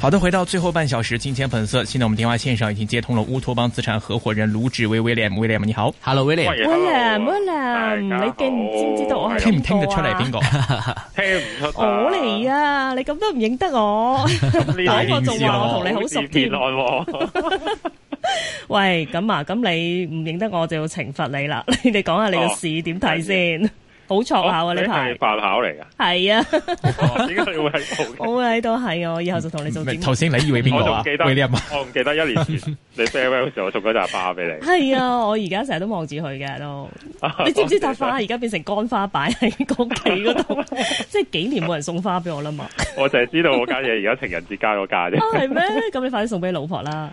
好的，回到最後半小時金錢本色。現在我們電話線上已經接通了烏托邦資產合伙人盧志威 William，William 你好，Hello William。William，William，你記唔知唔知道我聽唔聽得出嚟？邊個？聽唔出？我嚟啊！你咁都唔認得我？嗰個就話我同你好熟添。喂，咁啊，咁你唔認得我就要懲罰你啦。你哋講下你個事點睇先？好錯考啊！你係發考嚟噶，係啊！點解 你會喺度 我會喺度係啊，我以後就同你做。頭先你以為邊個啊？ 我仲記得你阿 我唔記得一年前 你 farewell 嘅時候，我送咗扎花俾你。係啊，我而家成日都望住佢嘅咯。啊、 你知唔知扎花而家變成乾花擺喺公仔嗰度？ 即係幾年冇人送花俾我啦嘛。 我淨係知道我間嘢而家情人節加個價啫。 啊，係咩？咁你快啲送俾老婆啦！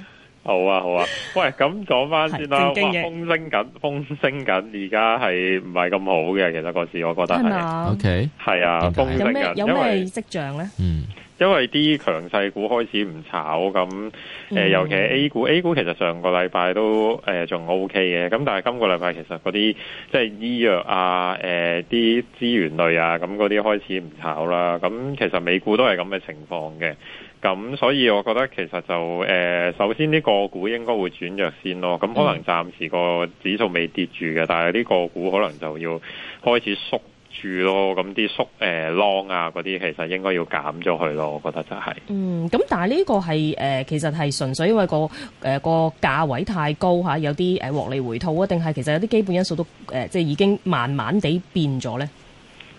好啊好啊，喂，咁講翻先啦，哇風聲緊，風聲緊，而家係唔係咁好嘅？其實嗰時我覺得係，OK，係啊，風聲緊，因為有咩有咩跡象咧？嗯，因為啲強勢股開始唔炒，咁、呃、誒，尤其 A 股 ，A 股其實上個禮拜都誒仲 OK 嘅，咁、呃、但係今個禮拜其實嗰啲即係醫藥啊，誒、呃，啲資源類啊，咁嗰啲開始唔炒啦，咁、啊、其實美股都係咁嘅情況嘅。咁所以，我覺得其實就誒、呃，首先啲個股應該會轉弱先咯。咁可能暫時個指數未跌住嘅，但係啲個股可能就要開始縮住咯。咁啲縮誒 long 啊嗰啲，其實應該要減咗去咯。我覺得就係。嗯，咁但係呢個係誒，其實係純粹因為個誒、呃、個價位太高嚇，有啲誒獲利回吐啊，定係其實有啲基本因素都誒、呃，即係已經慢慢地變咗咧？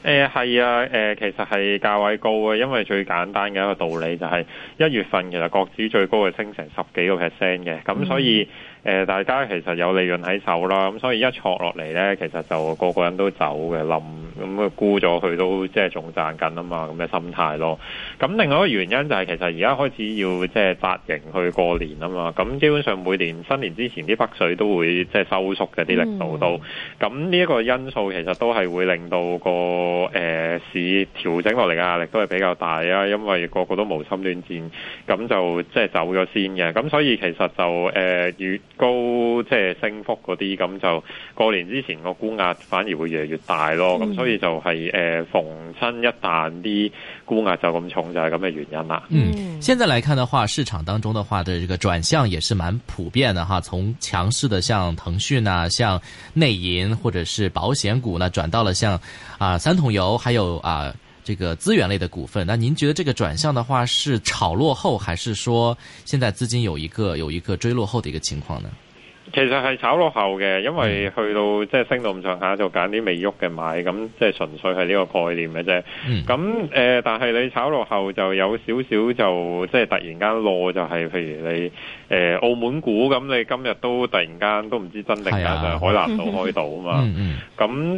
誒係啊，誒、呃呃、其實係價位高啊，因為最簡單嘅一個道理就係、是、一月份其實國指最高係升成十幾個 percent 嘅，咁、嗯、所以誒、呃、大家其實有利潤喺手啦，咁所以一挫落嚟咧，其實就個個人都走嘅冧。咁佢沽咗，佢都即係仲賺緊啊嘛，咁嘅心態咯。咁另外一個原因就係其實而家開始要即係髮型去過年啊嘛。咁基本上每年新年之前啲北水都會即係收縮嘅啲力度都。咁呢一個因素其實都係會令到個誒市調整落嚟嘅壓力都係比較大啊，因為個個都無心戀戰，咁就即係走咗先嘅。咁所以其實就誒越高即係升幅嗰啲，咁就過年之前個沽壓反而會越嚟越大咯。咁所以所以就係誒逢親一彈啲沽壓就咁重就係咁嘅原因啦。嗯，現在來看的話，市場當中的話的這個轉向也是蠻普遍的哈。從強勢的像騰訊啊、像內銀或者是保險股呢，轉到了像啊、呃、三桶油，還有啊、呃、這個資源類的股份。那您覺得這個轉向的話，是炒落後，還是說現在資金有一個有一個追落後的一個情況呢？其實係炒落後嘅，因為去到即係升到咁上下，就揀啲未喐嘅買，咁即係純粹係呢個概念嘅啫。咁誒、嗯呃，但係你炒落後就有少少就即係突然間落、就是，就係譬如你誒、呃、澳門股，咁你今日都突然間都唔知真定假、啊、就海南島開島啊嘛。咁、 嗯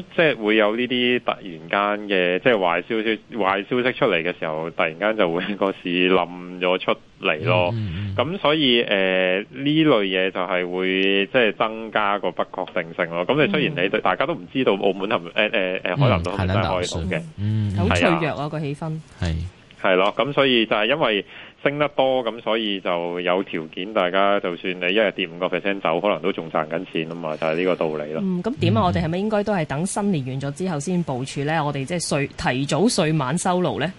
嗯、即係會有呢啲突然間嘅即係壞消息、壞消息出嚟嘅時候，突然間就會個市冧咗出嚟咯，咁、嗯、所以誒呢、呃、類嘢就係會即係、就是、增加個不確定性咯。咁你雖然你對、嗯、大家都唔知道澳門係唔誒誒海南島係唔係開到嘅，嗯，好脆弱啊，啊個氣氛，係係咯。咁、啊、所以就係因為升得多，咁所以就有條件大家就算你一日跌五個 percent 走，可能都仲賺緊錢啊嘛。就係、是、呢個道理咯。嗯，咁點啊？嗯、我哋係咪應該都係等新年完咗之後先部署咧？我哋即係稅提早稅晚收爐咧？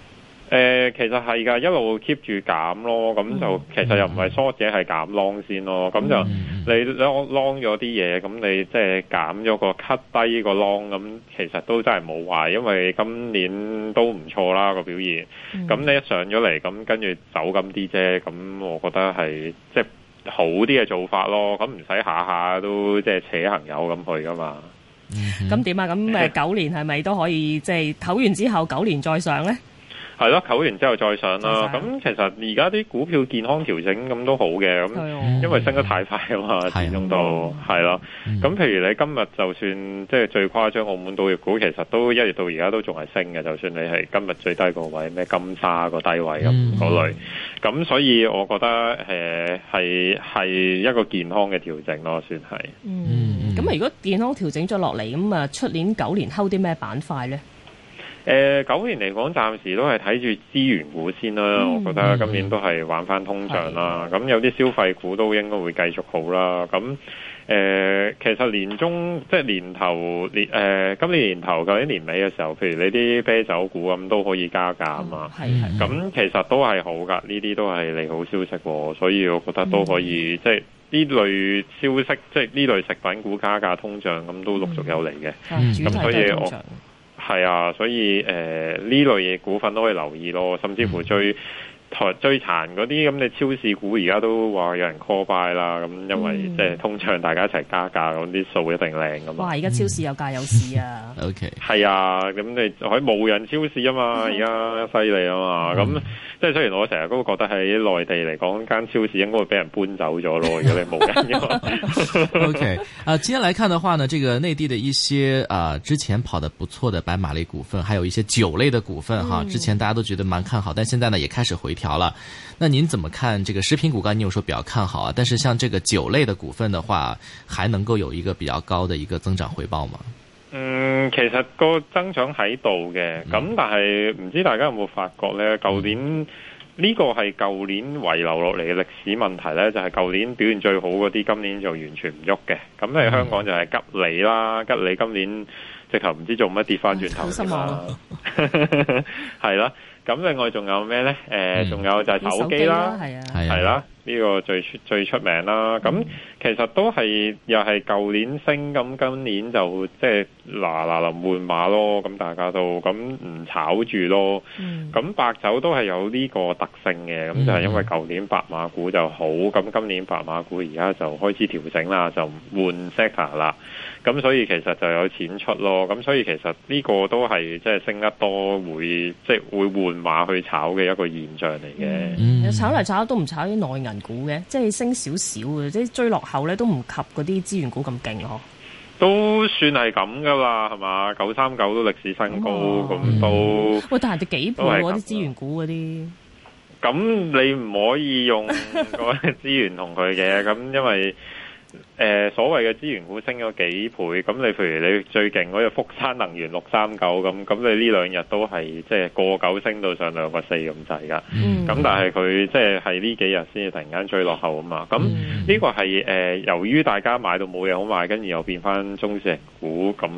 誒、呃，其實係噶，一路 keep 住減咯，咁、嗯、就、嗯、其實又唔係縮者係減 long 先咯。咁、嗯、就你 l o long 咗啲嘢，咁你即係減咗個 cut 低個 long，咁其實都真係冇壞，因為今年都唔錯啦個表現。咁、嗯、你一上咗嚟，咁、嗯嗯、跟住走咁啲啫。咁我覺得係即係好啲嘅做法咯。咁唔使下下都即係、就是、扯朋友咁去噶嘛。咁點、嗯嗯、啊？咁誒，九年係咪都可以即係唞完之後九年再上咧？係咯，唞完之後再上啦。咁其實而家啲股票健康調整咁都好嘅，咁、哦、因為升得太快啊嘛，始終都係咯。咁譬如你今日就算即係最誇張，澳門度業股其實都一月到而家都仲係升嘅。就算你係今日最低個位咩金沙個低位咁嗰類，咁、嗯、所以我覺得誒係係一個健康嘅調整咯、啊，算係。嗯，咁、嗯、如果健康調整咗落嚟，咁啊出年九年後啲咩板塊呢？誒，九、呃、年嚟講，暫時都係睇住資源股先啦。嗯、我覺得今年都係玩翻通脹啦。咁是有啲消費股都應該會繼續好啦。咁誒、呃，其實年中即係年頭，年誒、呃，今年年頭、舊年年尾嘅時候，譬如你啲啤酒股咁都可以加價啊嘛。係係。咁其實都係好㗎，呢啲都係利好消息，所以我覺得都可以，嗯、即係呢類消息，嗯、即係呢類食品股加價通脹，咁都陸續有嚟嘅。咁所以我係啊，所以誒呢、呃、類嘢股份都可以留意咯，甚至乎最。台追殘嗰啲咁，你超市股而家都話有人 call buy 啦，咁因為即係通常大家一齊加價，咁啲數一定靚噶嘛。哇！而家超市有價有市啊。O K. 係啊，咁你喺無人超市啊嘛，而家犀利啊嘛，咁即係雖然我成日都覺得喺內地嚟講，間超市應該會俾人搬走咗咯，而家啲無人。O K. 啊，今天來看嘅話呢，呢、這個內地嘅一些啊，uh, 之前跑得不錯嘅白馬類股份，還有一些酒類的股份、mm hmm. 之前大家都覺得蠻看好，但現在呢也開始回。調了，那您怎麼看這個食品股？咁你有說比較看好啊？但是像這個酒類的股份的話，還能夠有一個比較高的一個增長回報嗎？嗯，其實個增長喺度嘅，咁、嗯、但係唔知大家有冇發覺呢？舊、嗯、年呢、這個係舊年遺留落嚟嘅歷史問題呢，就係、是、舊年表現最好嗰啲，今年就完全唔喐嘅。咁喺香港就係吉利啦，吉利今年直頭唔知做乜跌翻轉頭，好失望，係啦。 咁另外仲有咩咧？誒，仲有就係手機啦，係啊，係啦，呢個最最出名啦。咁其實都係又係舊年升，咁今年就即係嗱嗱臨換馬咯。咁大家都咁唔炒住咯。咁白酒都係有呢個特性嘅。咁就係因為舊年白馬股就好，咁今年白馬股而家就開始調整啦，就換 sector 啦。咁所以其實就有錢出咯，咁所以其實呢個都係即係升得多會，會即係會換馬去炒嘅一個現象嚟嘅。嗯嗯、炒嚟炒都唔炒啲內銀股嘅，即係升少少嘅，即係追落後咧都唔及嗰啲資源股咁勁咯。都算係咁噶啦，係嘛？九三九都歷史新高，咁、哦嗯、都喂，但係人哋幾倍嗰啲資源股嗰啲，咁你唔可以用個資源同佢嘅，咁 因為。誒、呃，所謂嘅資源股升咗幾倍，咁你譬如你最勁嗰隻福山能源六三九，咁，咁你呢兩日都係即係過九升到上兩個四咁滯噶，咁但係佢即係喺呢幾日先至突然間最落後啊嘛，咁呢個係誒、呃、由於大家買到冇嘢好買，跟住又變翻中石油股，咁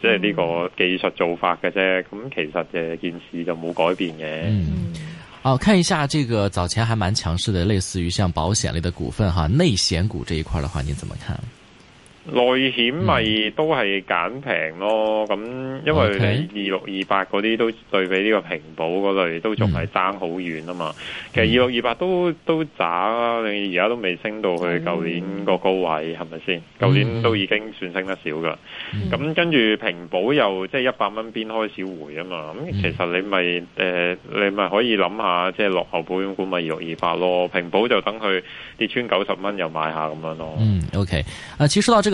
即係呢個技術做法嘅啫，咁其實嘅件事就冇改變嘅。嗯好，看一下這個早前還蠻強勢的，類似於像保險類的股份哈，內險股這一塊的話，你怎麼看？內險咪都係揀平咯，咁因為二六二八嗰啲都對比呢個平保嗰類都仲係爭好遠啊嘛。嗯、其實二六二八都都渣，你而家都未升到去舊年個高位，係咪先？舊年都已經算升得少噶。咁、嗯、跟住平保又即係一百蚊邊開始回啊嘛。咁其實你咪誒、呃，你咪可以諗下，即係落後保險股咪二六二八咯。平保就等佢跌穿九十蚊又買下咁樣咯。嗯，OK。啊，其實到呢個。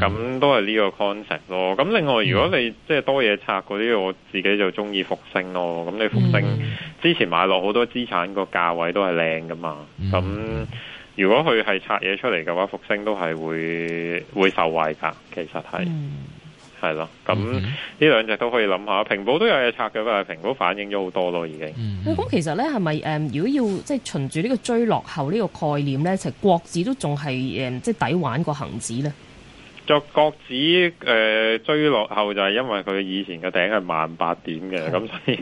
咁、嗯、都係呢個 concept 咯。咁另外，如果你即係多嘢拆嗰啲，我自己就中意復星咯。咁你復星、嗯、之前買落好多資產個價位都係靚噶嘛。咁、嗯、如果佢係拆嘢出嚟嘅話，復星都係會會受惠㗎。其實係係、嗯、咯。咁呢兩隻都可以諗下。平保都有嘢拆嘅，但係平保反映咗好多咯，已經、嗯。咁、嗯、其實咧，係咪誒？如果要即係循住呢個追落後呢個概念咧，其實國指都仲係誒，即係抵玩過恆指咧。作國指誒，追落後就係因為佢以前嘅頂係萬八點嘅，咁、嗯、所以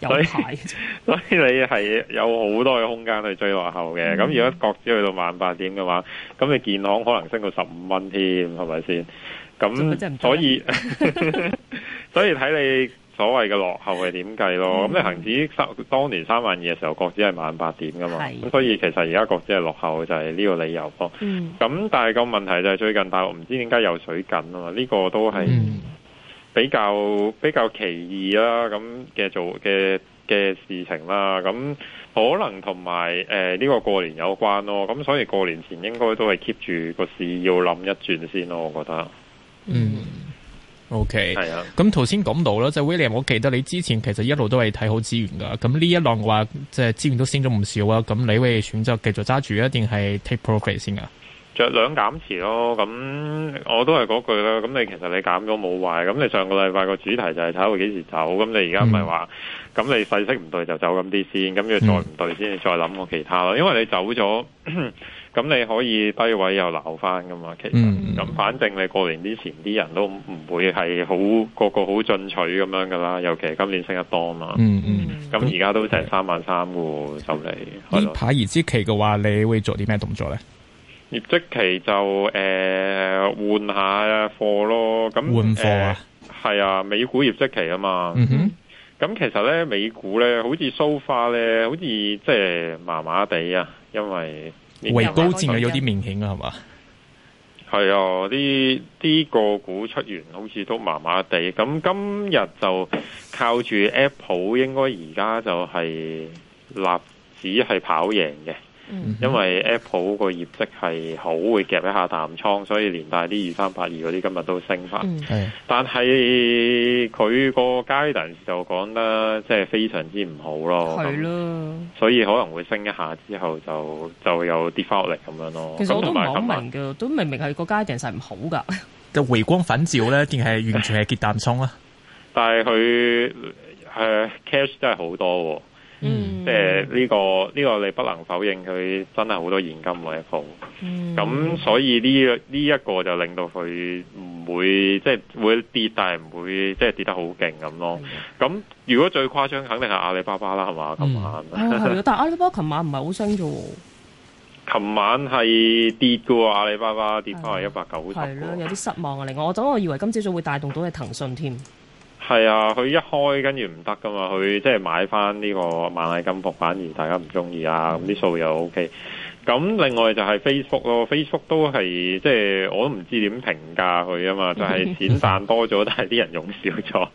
所以 所以你係有好多嘅空間去追落後嘅。咁、嗯、如果國指去到萬八點嘅話，咁你健康可能升到十五蚊添，係咪先？咁所以 所以睇你。所謂嘅落後係點計咯？咁、嗯、你恒指三當年三萬二嘅時候，國指係萬八點噶嘛？咁是所以其實而家國指係落後就係、是、呢個理由咯。咁、嗯、但係個問題就係最近，大陸唔知點解有水緊啊嘛？呢、這個都係比較、嗯、比較奇異啦。咁嘅做嘅嘅事情啦，咁可能同埋誒呢個過年有關咯。咁所以過年前應該都係 keep 住個市，要諗一轉先咯。我覺得。嗯。O K，係啊，咁頭先講到啦，就係 William，我記得你之前其實一路都係睇好資源噶，咁呢一浪嘅話，即係資源都升咗唔少啊，咁你會選擇繼續揸住一定係 take profit 先啊？着兩減持咯，咁我都係嗰句啦，咁你其實你減咗冇壞，咁你上個禮拜個主題就係睇我幾時走，咁你而家唔係話。咁你細息唔對就走咁啲先，咁要再唔對先再諗過其他咯。因為你走咗，咁 你可以低位又撈翻噶嘛。其實咁、嗯嗯、反正你過年之前啲人都唔會係好個個好進取咁樣噶啦，尤其今年升得多嘛。嗯嗯，咁、嗯、而家都成三萬三噶，就嚟。呢排業績期嘅話，你會做啲咩動作咧？業績期就誒、呃、換下貨咯，咁換貨啊？係、呃、啊，美股業績期啊嘛。嗯、哼。咁其實咧，美股咧，好似 so far 咧，好似即係麻麻地啊，因為維高戰嘅有啲明顯、嗯、吧啊，係嘛？係啊，啲啲個股出完，好似都麻麻地。咁今日就靠住 Apple，應該而家就係納指係跑贏嘅。嗯、因為 Apple 個業績係好會夾一下淡倉，所以連帶啲二三八二嗰啲今日都升翻。嗯、但係佢個 guidance 就講得即係非常之唔好咯。係咯是的，所以可能會升一下之後就就有跌翻落嚟咁樣咯。其實我都唔係好有明嘅，晚都明明係個 guidance 係唔好噶。就 回光返照咧，定係完全係結淡倉？啊？ 但係佢誒 cash 真係好多。嗯，即係呢個呢、這個你不能否認佢真係好多現金喎，一股。嗯。咁、嗯嗯、所以呢呢一個就令到佢唔會即係會跌，但係唔會即係跌得好勁咁咯。咁的如果最誇張，肯定係阿里巴巴啦，係嘛？嗯。琴晚、 哦，但係阿里巴巴琴晚唔係好升啫。琴晚係跌嘅，阿里巴巴跌翻係一百九係咯，有啲失望啊！另外，我諗我以為今朝早會帶動到係騰訊添。係啊，佢一開跟住唔得噶嘛，佢即係買翻呢個萬麗金服，反而大家唔中意啊，咁啲數又 OK。咁另外就係 Facebook 咯，Facebook 都係即係我都唔知點評價佢啊嘛，就係、是、錢賺多咗， 但係啲人用少咗，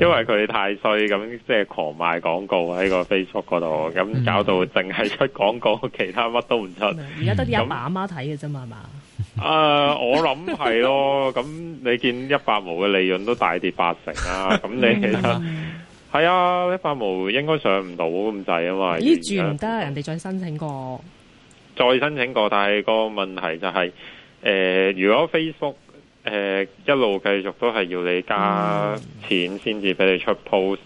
因為佢太衰，咁即係狂賣廣告喺個 Facebook 嗰度，咁搞到淨係出廣告，其他乜都唔出。而家都啲阿爸阿媽睇嘅啫嘛，係嘛？誒，uh, 我諗係咯，咁 你見一百毛嘅利潤都大跌八成啦，咁 你係 啊，一百毛應該上唔到咁滯啊嘛，咦，轉唔得，人哋再申請過，再申請過，但係個問題就係、是，誒、呃，如果 Facebook 誒、呃、一路繼續都係要你加錢先至俾你出 post，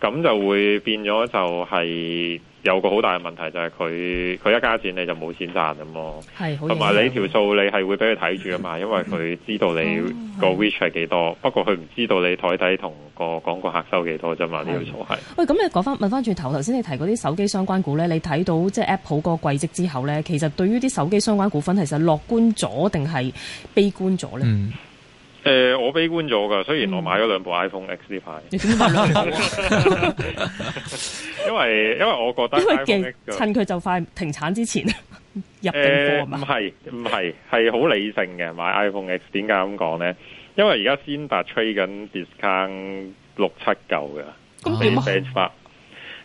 咁、嗯、就會變咗就係、是。有個好大嘅問題就係佢佢一加錢你就冇錢賺咁咯，係，同埋你條數你係會俾佢睇住啊嘛， 因為佢知道你個 reach 係幾多， 哦、是不過佢唔知道你台底同個廣告客收幾多啫嘛，呢條數係。喂，咁你講翻問翻轉頭頭先你提嗰啲手機相關股咧，你睇到即係 Apple 個季績之後咧，其實對於啲手機相關股份，其實樂觀咗定係悲觀咗咧？嗯誒、呃，我悲觀咗噶，雖然我買咗兩部 iPhone X 呢排，因為因為我覺得因為趁佢就快停產之前入貨，唔係唔係係好理性嘅買 iPhone X。點解咁講咧？因為而家先達吹緊 discount 六七嚿嘅，咁你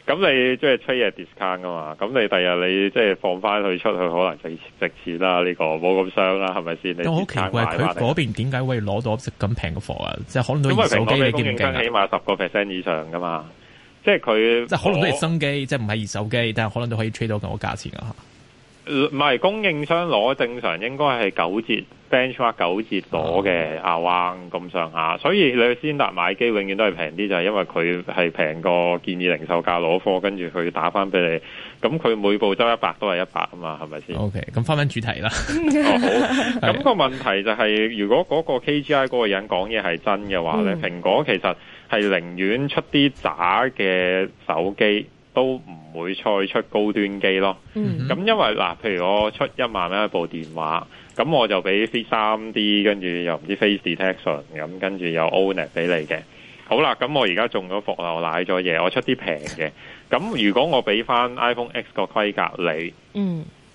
咁你即係吹嘢 discount 噶嘛？咁你第日你即係放翻佢出去，可能就值錢啦、啊。這個啊、是是呢個冇咁傷啦，係咪先？都好奇怪佢嗰邊點解可以攞到咁平嘅貨啊？即係可，可能都係手機，堅唔堅啊？起碼十個 percent 以上噶嘛？即係佢，即係可能都係新機，即係唔係二手機，但係可能都可以吹到咁嘅價錢啊！唔係供應商攞，正常應該係九折 benchmark 九折攞嘅啊，彎咁上下。所以你去先達買機，永遠都係平啲，就係、是，因為佢係平過建議零售價攞貨，跟住佢打翻俾你。咁佢每部收一百都係一百啊嘛，係咪先？O K，咁翻返主題啦 哦。好、咁，那個問題就係、是，如果嗰個 K G I 嗰個人講嘢係真嘅話咧，蘋、嗯、果其實係寧願出啲渣嘅手機。都唔會再出高端機咯。咁、mm hmm. 因為嗱，譬如我出一萬蚊一部電話，咁我就俾 Face 三 D，跟住又唔知 Face Detection，咁跟住又 OLED 俾你嘅。好啦，咁我而家中咗伏，我賴咗嘢，我出啲平嘅。咁如果我俾翻 iPhone X 個規格你，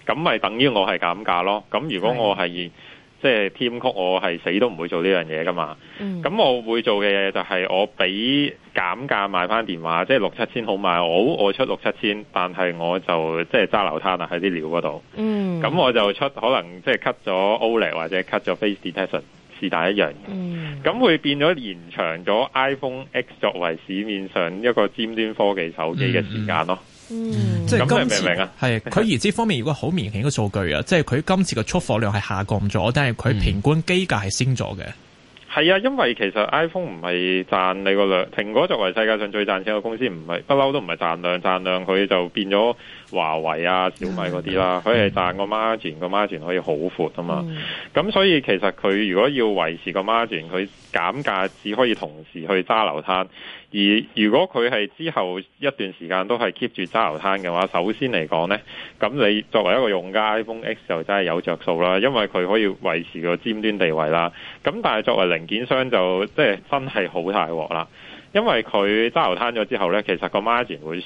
咁咪、mm hmm. 等於我係減價咯。咁如果我係，mm hmm. 即係填曲，我係死都唔會做呢樣嘢㗎嘛。咁、嗯嗯、我會做嘅嘢就係我俾減價賣翻電話，即係六七千好賣。我我出六七千，但係我就即係揸流攤啊，喺啲料嗰度。咁、嗯、我就出可能即係 cut 咗 OLED 或者 cut 咗 Face Detection 是但一樣。咁、嗯嗯、會變咗延長咗 iPhone X 作為市面上一個尖端科技手機嘅時間咯。嗯嗯嗯嗯嗯明今次係佢而知方面，如果好明顯嘅數據啊，即係佢今次嘅出貨量係下降咗，但係佢平均機價係升咗嘅。係、嗯、啊，因為其實 iPhone 唔係賺你個量，蘋果作為世界上最賺錢嘅公司，唔係不嬲都唔係賺量賺量，佢就變咗華為啊、小米嗰啲啦，佢係賺個 margin、嗯、個 margin 可以好闊啊嘛。咁、嗯、所以其實佢如果要維持個 margin，佢減價只可以同時去揸流攤，而如果佢係之後一段時間都係 keep 住揸流攤嘅話，首先嚟講呢，咁你作為一個用家 iPhone X 就真係有着數啦，因為佢可以維持個尖端地位啦。咁但係作為零件商就即係真係好大鑊啦，因為佢揸流攤咗之後呢，其實個 margin 會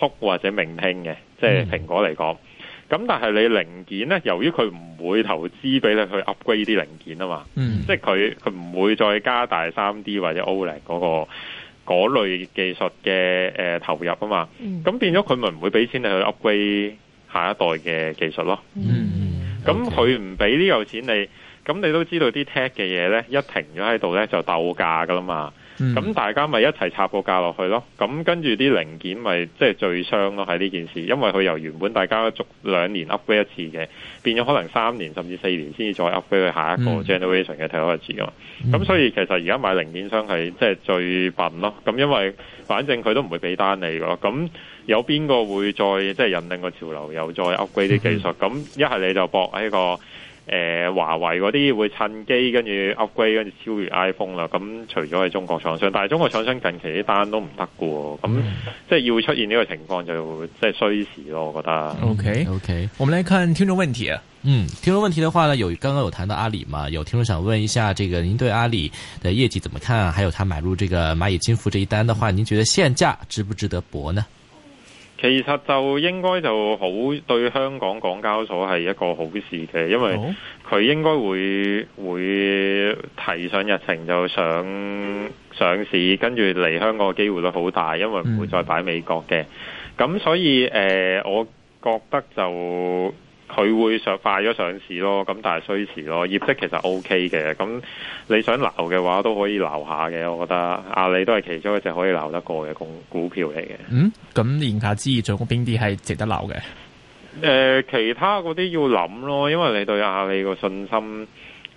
縮或者明輕嘅，即係蘋果嚟講。咁但係你零件咧，由於佢唔會投資俾你去 upgrade 啲零件啊嘛，嗯、即係佢佢唔會再加大三 D 或者 OLED 嗰、嗰個嗰類技術嘅誒投入啊嘛，咁、嗯、變咗佢咪唔會俾錢你去 upgrade 下一代嘅技術咯。嗯，咁佢唔俾呢嚿錢你，咁你都知道啲 tech 嘅嘢咧，一停咗喺度咧就鬥價噶啦嘛。咁、嗯、大家咪一齊插個價落去咯，咁跟住啲零件咪即係最傷咯，喺呢件事，因為佢由原本大家逐兩年 upgrade 一次嘅，變咗可能三年甚至四年先至再 upgrade 去下一個 generation 嘅睇多一次嘅嘛。咁所以其實而家買零件商係即係最笨咯，咁因為反正佢都唔會俾單你嘅咯。咁有邊個會再即係、就是、引領個潮流又再 upgrade 啲技術？咁一係你就搏喺個。誒，華、呃、為嗰啲會趁機跟住 upgrade 跟住超越 iPhone 啦。咁除咗係中國廠商，但係中國廠商近期呢單都唔得嘅。咁、嗯、即係要出現呢個情況，就即係需時咯。我覺得。嗯、OK OK，我們來看聽眾問題啊。嗯，聽眾問題的話呢，有剛剛有談到阿里嘛？有聽眾想問一下，這個您對阿里的業績怎麼看？還有，他買入這個螞蟻金服這一單的話，您覺得現價值不值得搏呢？其實就應該就好對香港港交所係一個好事嘅，因為佢應該會會提上日程就，就上上市，跟住嚟香港嘅機會率好大，因為唔會再擺美國嘅。咁所以誒、呃，我覺得就。佢會上快咗上市咯，咁但係衰遲咯，業績其實 O K 嘅，咁、嗯、你想留嘅話都可以留下嘅，我覺得阿里都係其中一隻可以留得過嘅股股票嚟嘅。嗯，咁言下之意，做邊啲係值得留嘅？誒、呃，其他嗰啲要諗咯，因為你對阿里個信心。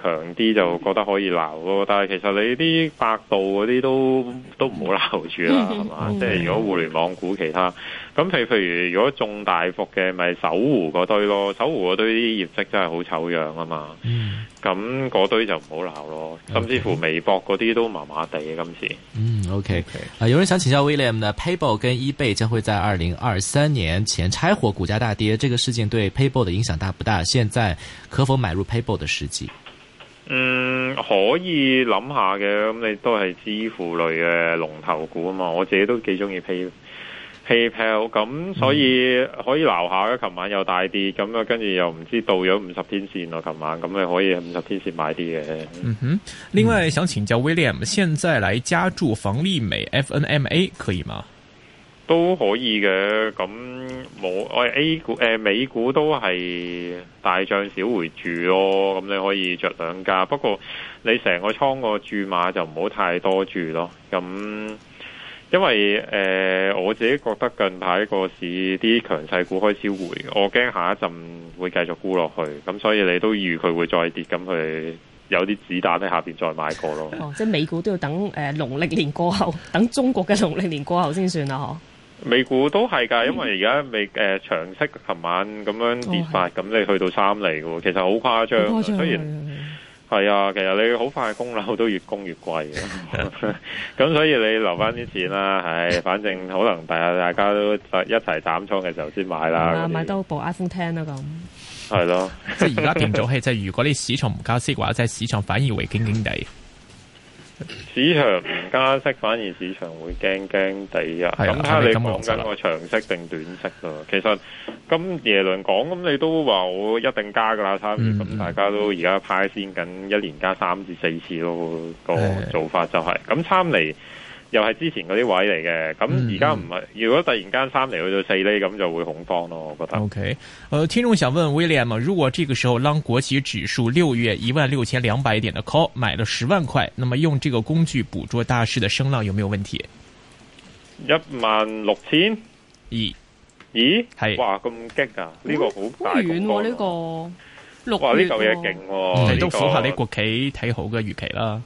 強啲就覺得可以鬧咯，但係其實你啲百度嗰啲都都唔好鬧住啦，係嘛？即係如果互聯網股其他咁，譬譬如如果中大幅嘅，咪搜狐嗰堆咯。搜狐嗰堆啲業績真係好醜樣啊嘛。咁嗰、嗯、堆就唔好鬧咯。甚至乎微博嗰啲都麻麻地嘅今次。嗯，OK。啊，有人想請教 William，呢 PayPal 跟 eBay 將會在二零二三年前拆夥，股價大跌，這個事件對 PayPal 的影響大不大？現在可否買入 PayPal 的時機？嗯，可以諗下嘅，咁你都係支付類嘅龍頭股啊嘛，我自己都幾中意 PayPal、嗯，咁、嗯、所以可以留下嘅。琴晚又大啲咁啊，跟住又唔知到咗五十天線咯，琴晚咁你可以五十天線買啲嘅。嗯哼，另外想請教 William，現在來加注房利美 （FNMA） 可以嗎？都可以嘅，咁我我 A 股誒、呃、美股都係大漲小回住咯，咁你可以着兩家。不過你成個倉個注碼就唔好太多住咯，咁因為誒、呃、我自己覺得近排個市啲強勢股開始回，我驚下一陣會繼續沽落去，咁所以你都預佢會再跌，咁去有啲子彈喺下邊再買過咯。 哦，即係美股都要等誒農曆年過後，等中國嘅農曆年過後先算啦，嗬？美股都係㗎，因為而家未誒長息，琴晚咁樣跌發，咁你去到三厘嘅喎，其實好誇張。誇張雖然係啊，其實你好快供樓都越供越貴嘅，咁 所以你留翻啲錢啦，係，反正可能大下 大家都一齊斬倉嘅時候先買啦、嗯啊。買多部 iPhone X 啦，咁係咯，即係而家變咗係，即係如果你市場唔加息嘅話，即係市場反而回敬經底。嗯。市場唔加息，反而市場會驚驚哋啊！咁睇下你講緊個長息定短息咯。嗯、其實咁耶倫講咁，你都話我一定加噶啦，差唔多。咁大家都而家派在先緊，一年加三至四次咯，個做法就係、是、咁，差唔離的。又係之前嗰啲位嚟嘅，咁而家唔係，如果突然間三厘去到四厘，咁就會恐慌咯。我覺得。O K，誒，聽眾想問威廉，l 如果這個時候攞國企指數六月一萬六千兩百點的 call 買了十萬塊，那麼用這個工具捕捉大市嘅聲浪有沒有問題？一萬六千？二。咦？係是。哇，咁激噶，呢、這個好大、啊啊這個。好遠喎呢個。哇、嗯，呢嚿嘢勁喎。你都符合你國企睇好嘅預期啦。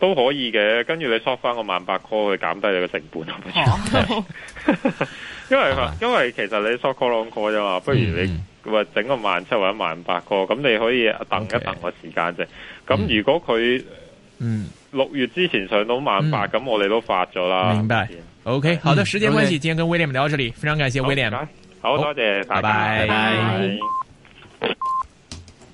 都可以嘅，跟住你縮翻個萬八 c a l 去減低你嘅成本，因為因為其實你縮 call o n g 啫嘛，不如你話整個萬七或者萬八 c a 咁你可以等一等個時間啫。咁如果佢，嗯，六月之前上到萬八，咁我哋都發咗啦。明白，OK，好的，時間關係，今天跟 William 聊到這裏，非常感謝 a m 好多謝，拜拜。